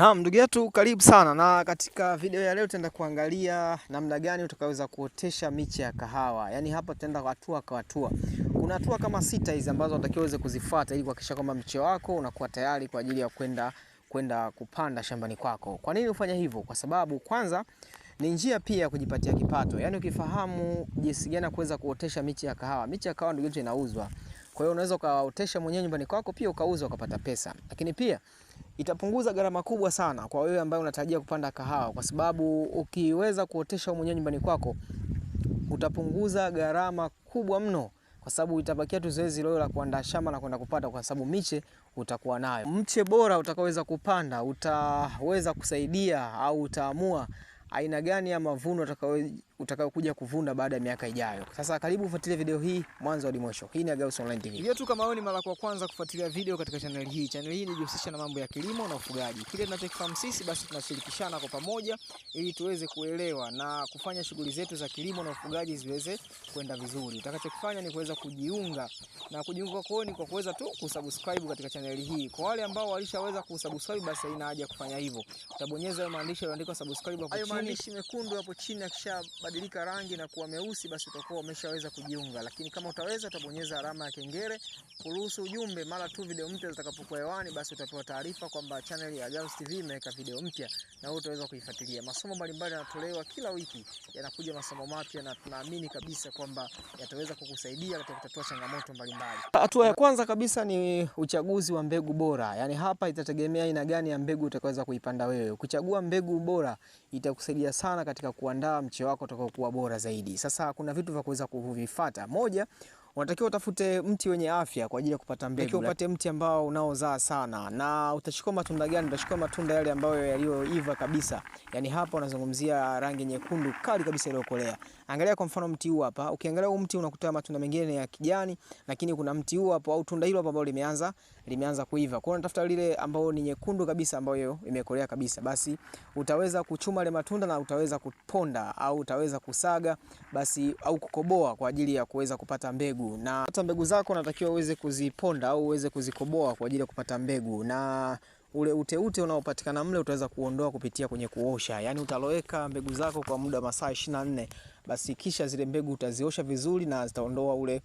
Naam, ndugu yetu karibu sana, na katika video ya leo tutaenda kuangalia namna gani utakaweza kuotesha miche ya kahawa. Yaani hapa tutaenda hatua kwa hatua. Kuna hatua kama sita hizi ambazo unatakiwa uweze kuzifuata ili kuhakikisha kwamba mche wako unakuwa tayari kwa ajili ya kwenda kwenda kupanda shambani kwako. Kwa nini ufanya hivyo? Kwa sababu kwanza ni njia pia ya kujipatia kipato. Yaani ukifahamu jinsi gani kuweza kuotesha miche ya kahawa. Miche ya kahawa ndugu yetu inauzwa. Kwa hiyo unaweza ukaotesha mwenyewe nyumbani kwako pia ukauza ukapata pesa. Lakini pia itapunguza gharama kubwa sana kwa wewe ambaye unatarajia kupanda kahawa, kwa sababu ukiweza kuotesha mwenyewe nyumbani kwako utapunguza gharama kubwa mno, kwa sababu itabakia tu zoezi leo la kuandaa shamba na kwenda kupata, kwa sababu miche utakuwa nayo. Mche bora utakaoweza kupanda utaweza kusaidia au utaamua aina gani ya mavuno utakayokuja kuvuna baada ya miaka ijayo. Sasa karibu ufuatilie video hii mwanzo hadi mwisho. Hii ni AGAUS Online TV. Hiyo tu kama wewe ni mara kwa kwanza kufuatilia video katika channel hii. Channel hii inajihusisha na mambo ya kilimo na ufugaji. Kile tunachokifahamu sisi basi tunashirikishana kwa pamoja ili tuweze kuelewa na kufanya shughuli zetu za kilimo na ufugaji ziweze kwenda vizuri. Utakachokifanya ni kuweza kujiunga na kujiunga kwao ni kwa kuweza tu kusubscribe katika channel hii. Kwa wale ambao walishaweza kusubscribe basi haina haja kufanya hivyo. Utabonyeza hayo maandishi yaliyoandikwa subscribe hapo chini. Hayo maandishi mekundu hapo chini akisha ikibadilika rangi na kuwa meusi, basi utakuwa umeshaweza kujiunga. Lakini kama utaweza, utabonyeza alama ya kengele kuruhusu ujumbe mara tu video mpya zitakapokuwa hewani, basi utapewa taarifa kwamba channel ya Gauss TV imeweka video mpya na wewe utaweza kuifuatilia. Masomo mbalimbali yanatolewa kila wiki, yanakuja masomo mapya, na tunaamini kabisa kwamba yataweza kukusaidia katika kutatua changamoto mbalimbali. Hatua ya kwanza kabisa ni uchaguzi wa mbegu bora, yani hapa itategemea aina gani ya mbegu utakaweza kuipanda wewe. Kuchagua mbegu bora itakusaidia sana katika kuandaa mche wako kuwa bora zaidi. Sasa kuna vitu vya kuweza kuvifuata. Moja, unatakiwa utafute mti wenye afya kwa ajili ya kupata mbegu. Upate mti ambao unaozaa sana. Na utachukua matunda gani? Utachukua matunda yale ambayo yaliyoiva kabisa, yaani hapa unazungumzia rangi nyekundu kali kabisa iliyokolea. Angalia kwa mfano mti huu hapa. Ukiangalia huu mti unakuta matunda mengine ya kijani, lakini kuna mti huu hapo au tunda hilo hapo ambalo limeanza limeanza kuiva. Kwa hiyo unatafuta lile ambalo ni nyekundu kabisa ambayo imekolea kabisa. Basi utaweza kuchuma ile matunda na utaweza kuponda au utaweza kusaga basi au kukoboa kwa ajili ya kuweza kupata mbegu. Na hata mbegu zako unatakiwa uweze kuziponda au uweze kuzikoboa kwa ajili ya kupata mbegu. Na ule uteute unaopatikana mle utaweza kuondoa kupitia kwenye kuosha. Yaani utaloweka mbegu zako kwa muda masaa 24, basi kisha zile mbegu utaziosha vizuri na zitaondoa ule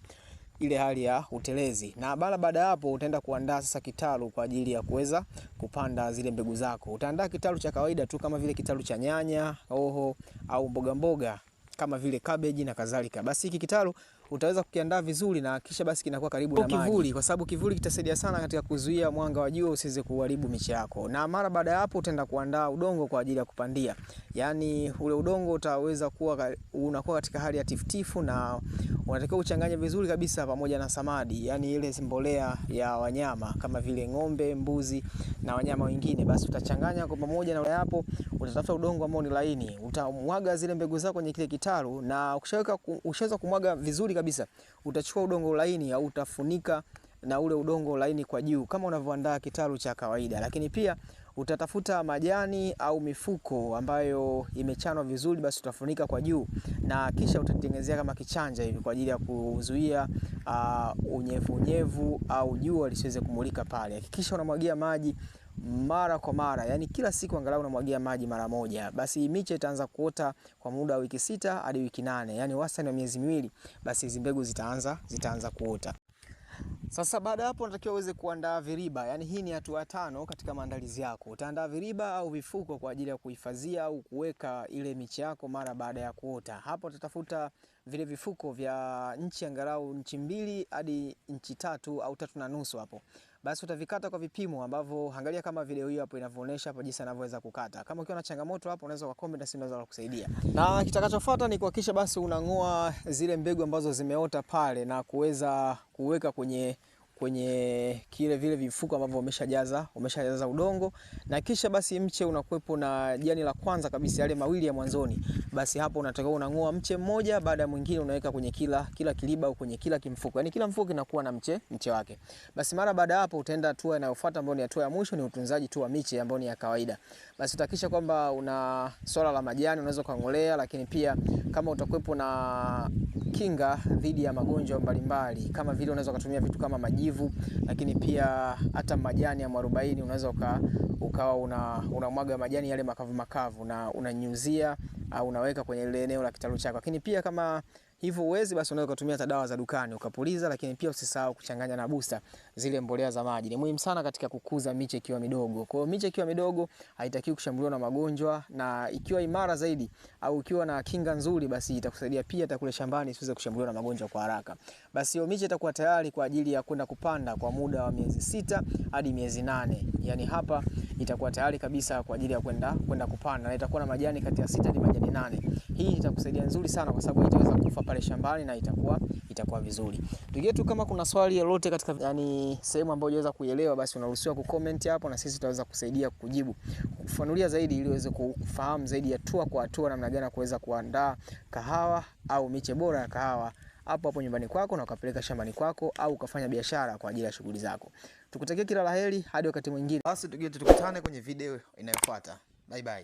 ile hali ya utelezi. Na bara baada hapo utaenda kuandaa sasa kitalu kwa ajili ya kuweza kupanda zile mbegu zako. Utaandaa kitalu cha kawaida tu kama vile kitalu cha nyanya, hoho au mboga mboga kama vile kabeji na kadhalika. Basi hiki kitalu utaweza kukiandaa vizuri na kisha basi kinakuwa karibu na kivuli, kwa sababu kivuli kitasaidia sana katika kuzuia mwanga wa jua usiweze kuharibu miche yako. Na mara baada ya hapo utaenda kuandaa udongo kwa ajili ya kupandia, yaani ule udongo utaweza kuwa unakuwa katika hali ya tifutifu, na unatakiwa uchanganye vizuri kabisa pamoja na samadi, yani ile mbolea ya wanyama kama vile ng'ombe, mbuzi na wanyama wengine. Basi utachanganya kwa pamoja, na hapo utatafuta udongo ambao ni laini, utamwaga zile mbegu zako kwenye kile kitalu, na ukishaweka ushaweza kumwaga vizuri kabisa. Utachukua udongo laini au utafunika na ule udongo laini kwa juu kama unavyoandaa kitalu cha kawaida, lakini pia utatafuta majani au mifuko ambayo imechanwa vizuri, basi utafunika kwa juu na kisha utatengenezea kama kichanja hivi kwa ajili ya kuzuia uh, ah, unyevu unyevu au jua lisiweze kumulika pale. Hakikisha unamwagia maji mara kwa mara, yani kila siku angalau unamwagia maji mara moja, basi miche itaanza kuota kwa muda wa wiki sita hadi wiki nane, yani wastani wa miezi miwili, basi hizi mbegu zitaanza zitaanza kuota. Sasa baada ya hapo unatakiwa uweze kuandaa viriba, Yani hii ni hatua tano katika maandalizi yako. Utaandaa viriba au vifuko kwa ajili ya kuhifadhia au kuweka ile miche yako mara baada ya kuota. Hapo utatafuta vile vifuko vya nchi angalau nchi mbili hadi nchi tatu au tatu na nusu hapo basi utavikata kwa vipimo ambavyo angalia kama video hii hapo inavyoonyesha hapo jinsi anavyoweza kukata. Kama ukiwa na changamoto hapo unaweza comment na sisi kusaidia. Na kitakachofuata ni kuhakikisha basi unang'oa zile mbegu ambazo zimeota pale na kuweza kuweka kwenye kwenye kile vile vifuko ambavyo umeshajaza umeshajaza udongo, na kisha basi mche unakuepo na jani la kwanza kabisa, yale mawili ya mwanzoni, basi hapo unatakiwa unang'oa mche mmoja baada ya mwingine, unaweka kwenye kila kila kiliba au kwenye kila kimfuko, yani kila mfuko inakuwa na mche mche wake. Basi mara baada ya hapo utaenda hatua inayofuata ambayo ni hatua ya mwisho, ni utunzaji tu wa miche ambayo ni ya kawaida. Basi utahakisha kwamba una swala la majani unaweza kung'olea, lakini pia kama utakuepo na kinga dhidi ya magonjwa mbalimbali, kama vile unaweza ukatumia vitu kama majivu, lakini pia hata majani ya mwarobaini unaweza ukawa unamwaga una majani yale makavu makavu na unanyunyizia au unaweka kwenye ile eneo la kitalu chako, lakini pia kama hivyo uwezi, basi unaweza kutumia hata dawa za dukani ukapuliza, lakini pia usisahau kuchanganya na booster, zile mbolea za maji. Ni muhimu sana katika kukuza miche ikiwa midogo. Kwa hiyo miche ikiwa midogo haitakiwi kushambuliwa na magonjwa, na ikiwa imara zaidi au ikiwa na kinga nzuri, basi itakusaidia pia hata kule shambani isiweze kushambuliwa na magonjwa kwa haraka. Basi hiyo miche itakuwa tayari kwa ajili ya kwenda kupanda kwa muda wa miezi sita hadi miezi nane yani hapa itakuwa tayari kabisa kwa ajili ya kwenda kwenda kupanda na itakuwa na majani kati ya sita hadi majani nane. Hii itakusaidia nzuri sana kwa sababu itaweza kufa pale shambani na itakuwa itakuwa vizuri. Ndugu yetu, kama kuna swali lolote katika yani sehemu ambayo hujaweza kuielewa, basi unaruhusiwa kucomment hapo na sisi tutaweza kusaidia kujibu. Kufanulia zaidi ili uweze kufahamu zaidi hatua kwa hatua namna gani kuweza kuandaa kahawa au miche bora ya kahawa hapo hapo nyumbani kwako na ukapeleka shambani kwako au ukafanya biashara kwa ajili ya shughuli zako. Tukutakia kila laheri hadi wakati mwingine. Basi tukutane kwenye video inayofuata. Bye bye.